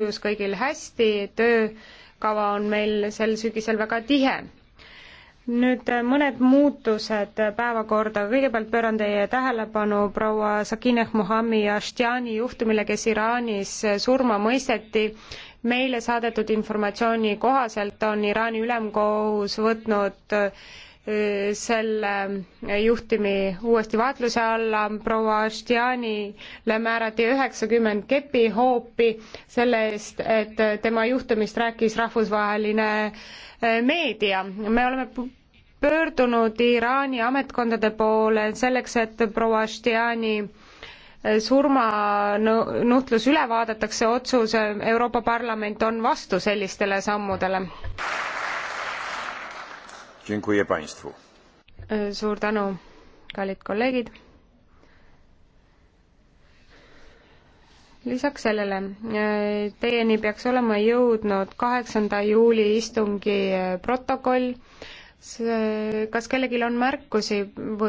tujus kõigil hästi, töökava on meil sel sügisel väga tihe. nüüd äh, mõned muutused päevakorda, kõigepealt pööran teie tähelepanu proua Sakineh Muhami Ashtiani juhtumile, kes Iraanis äh, surma mõisteti. meile saadetud informatsiooni kohaselt on Iraani ülemkohus võtnud äh, selle juhtimi uuesti vaatluse alla, proua Ashtianile määrati üheksakümmend kepihoopi selle eest, et tema juhtumist rääkis rahvusvaheline äh, meedia. me oleme pöördunud Iraani ametkondade poole selleks, et proua Ashtiani äh, surmanuhtlus üle vaadatakse, otsus äh, Euroopa Parlament on vastu sellistele sammudele suur tänu, kallid kolleegid. lisaks sellele, teieni peaks olema jõudnud kaheksanda juuli istungi äh, protokoll. kas kellelgi on märkusi või?